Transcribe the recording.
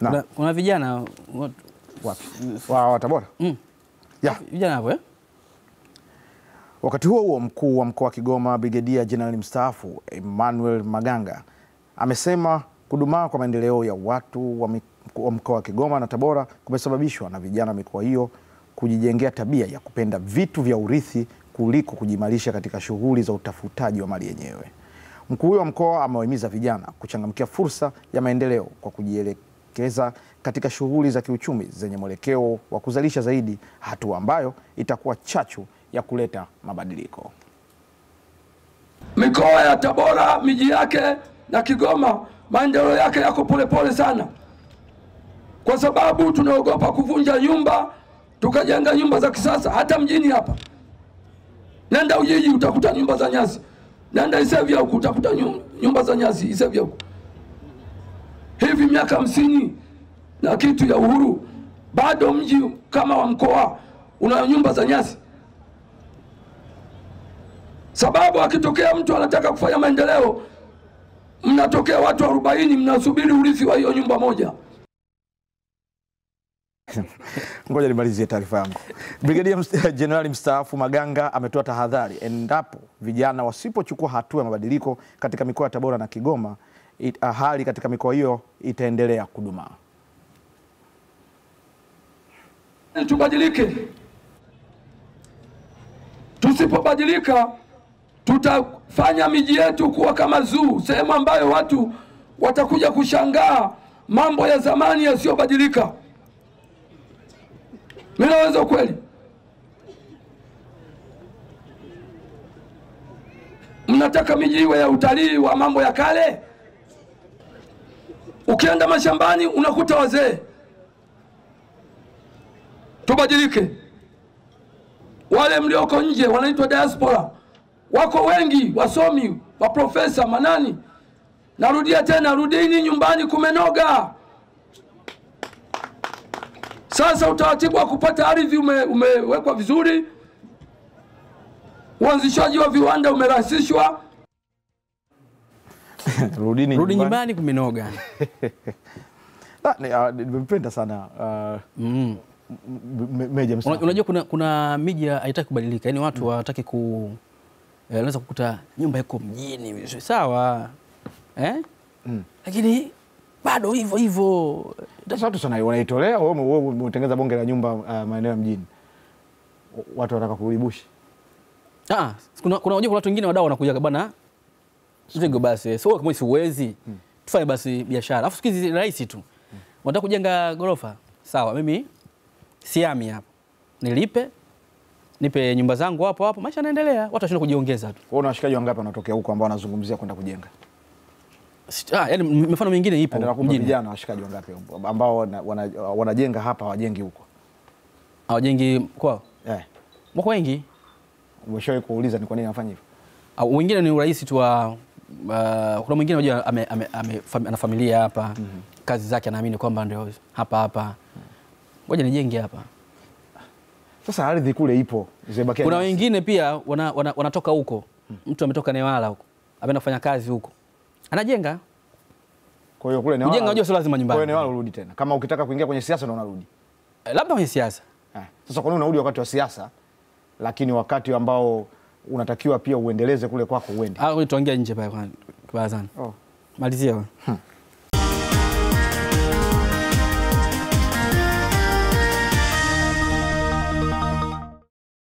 na kuna vijana wapi wa Tabora mm. Ya. vijana hapo eh? Wakati huo huo, mkuu wa mkoa wa Kigoma Brigedia Jenerali mstaafu Emmanuel Maganga amesema kudumaa kwa maendeleo ya watu wa mkoa wa Kigoma na Tabora kumesababishwa na vijana wa mikoa hiyo kujijengea tabia ya kupenda vitu vya urithi kuliko kujimarisha katika shughuli za utafutaji wa mali yenyewe. Mkuu huyo wa mkoa amewahimiza vijana kuchangamkia fursa ya maendeleo kwa kujielekea kuwekeza katika shughuli za kiuchumi zenye mwelekeo wa kuzalisha zaidi, hatua ambayo itakuwa chachu ya kuleta mabadiliko. Mikoa ya Tabora, miji yake na Kigoma, maendeleo yake yako polepole sana, kwa sababu tunaogopa kuvunja nyumba tukajenga nyumba za kisasa. Hata mjini hapa, nenda Ujiji utakuta nyumba za nyasi, nenda Isevya huku utakuta nyumba za nyasi Isevya huku hivi miaka hamsini na kitu ya uhuru, bado mji kama wa Mkoa una nyumba za nyasi. Sababu akitokea mtu anataka kufanya maendeleo, mnatokea watu arobaini mnasubiri urithi wa hiyo nyumba moja. Ngoja nimalizie taarifa yangu. Brigadia eh, Jenerali mstaafu Maganga ametoa tahadhari endapo vijana wasipochukua hatua ya mabadiliko katika mikoa ya Tabora na Kigoma it, hali katika mikoa hiyo itaendelea kudumaa. Tubadilike, tusipobadilika tutafanya miji yetu kuwa kama zuu, sehemu ambayo watu watakuja kushangaa mambo ya zamani yasiyobadilika. Mimi naweza kweli, mnataka miji iwe ya utalii wa mambo ya kale? Ukienda mashambani unakuta wazee. Tubadilike. Wale mlioko nje wanaitwa diaspora, wako wengi, wasomi, waprofesa manani. Narudia tena, rudini nyumbani, kumenoga. Sasa utaratibu wa kupata ardhi ume, umewekwa vizuri, uanzishaji wa viwanda umerahisishwa rudini rudi nyumbani kumenoga. Ah, ah, Nimependa sana uh, mm. Meja unajua, kuna, kuna miji haitaki kubadilika, yaani watu hawataki mm. ku eh, unaweza eh, kukuta nyumba iko mjini sawa eh? mm. lakini bado hivyo hivyo. Sasa watu sana wanaitolea, wewe umetengeneza bonge la nyumba uh, maeneo ya mjini, watu wanataka kuibushi. Ah, kuna, kuna, kuna watu wengine wadau wanakuja bwana hivyo basi, eh, so kama siwezi hmm. tufanye basi biashara, alafu sikizi hizi rahisi tu hmm. unataka kujenga gorofa sawa, mimi siami hapa, nilipe nipe nyumba zangu hapo hapo, maisha yanaendelea, watu washinda kujiongeza tu. Wewe una wangapi wanatokea huko ambao wanazungumzia kwenda kujenga? Ah, yani mifano mingine ipo Ndio mjini. Vijana washikaji wangapi ambao wanajenga hapa wajengi huko? Hawajengi kwao? Eh. Wako wengi. Umeshawahi kuuliza ni kwa nini wanafanya hivyo? Ah, wengine ni urahisi tu wa uh, kuna mwingine unajua ame, ame, ame, fam, ana familia hapa mm -hmm. kazi zake anaamini kwamba ndio hapa hapa, mhm. ngoja nijenge hapa. Sasa ardhi kule ipo. Kuna wengine pia wana, wana, wanatoka huko mm. mtu ametoka Newala huko ameenda kufanya kazi huko anajenga kwa hiyo kule Newala. unajua sio lazima nyumbani. Kwa hiyo Newala urudi tena. Kama ukitaka kuingia kwenye siasa ndio unarudi. Eh, labda kwenye siasa. Eh. Sasa kwa nini unarudi wakati wa siasa lakini wakati ambao unatakiwa pia uendeleze kule kwako uende. Ah, tuongea nje pale kwani. Barazani. Oh. Malizia Hmm.